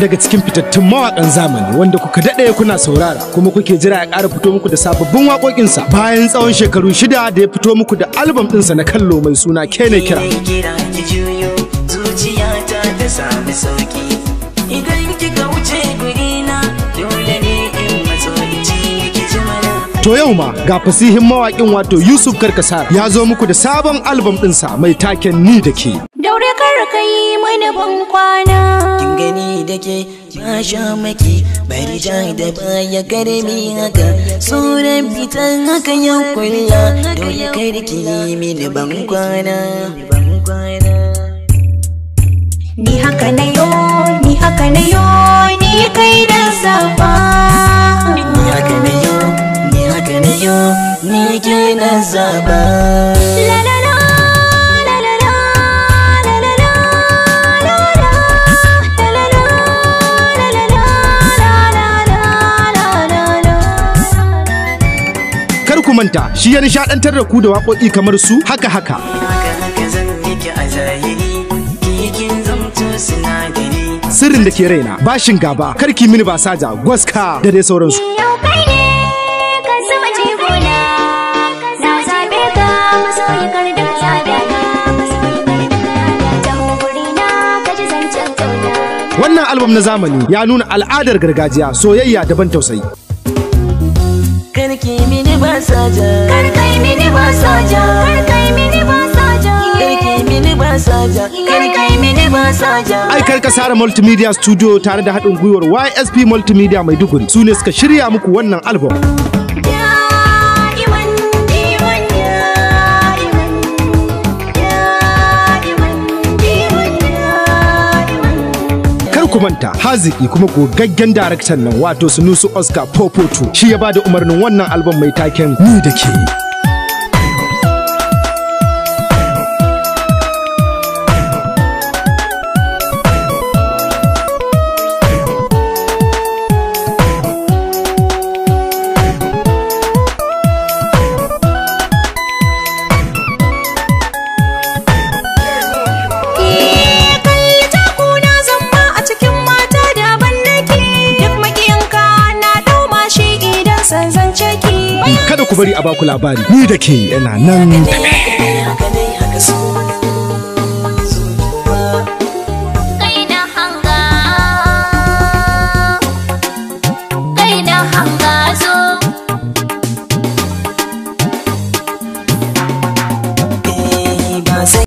daga cikin fitattun mawakan zamani wanda kuka daɗe kuna saurara kuma kuke jira ya ƙara fito muku da sababbin waƙoƙinsa bayan tsawon shekaru shida da ya fito muku da albam ɗinsa na kallo mai suna kene kira. To yau ma ga fasihin mawaƙin wato Yusuf Karkasar ya zo muku da sabon albam ɗinsa mai taken ni da ke. aure kar ka yi mani ban kwana kin gani da ke ba sha maki bari jai da baya karmi haka sauran bitan haka ya kulla dole kai ki mini ban kwana ni haka na yo ni haka na yo ni kai da zaba ni haka na yo ni haka na yo ni kai na zaba kar ku manta shi ya nishadantar da ku da waƙoƙi kamar su haka haka sirrin da ke raina bashin gaba karki mini basaja gwaska da dai sauransu wannan albam na zamani ya nuna al'adar gargajiya soyayya daban tausayi. mini ba sa ja kar kai mini ba sa ja kar kai mini ba sa ja Ai sara multimedia studio tare da haɗin gwiwar YSP multimedia Maiduguri su ne suka shirya muku wannan album. kumanta haziki kuma gogaggen daraktan nan wato sunusu oscar popoto shi ya bada umarnin wannan album mai taken ni da ke kada ku bari a baku labari ni da ke yana nan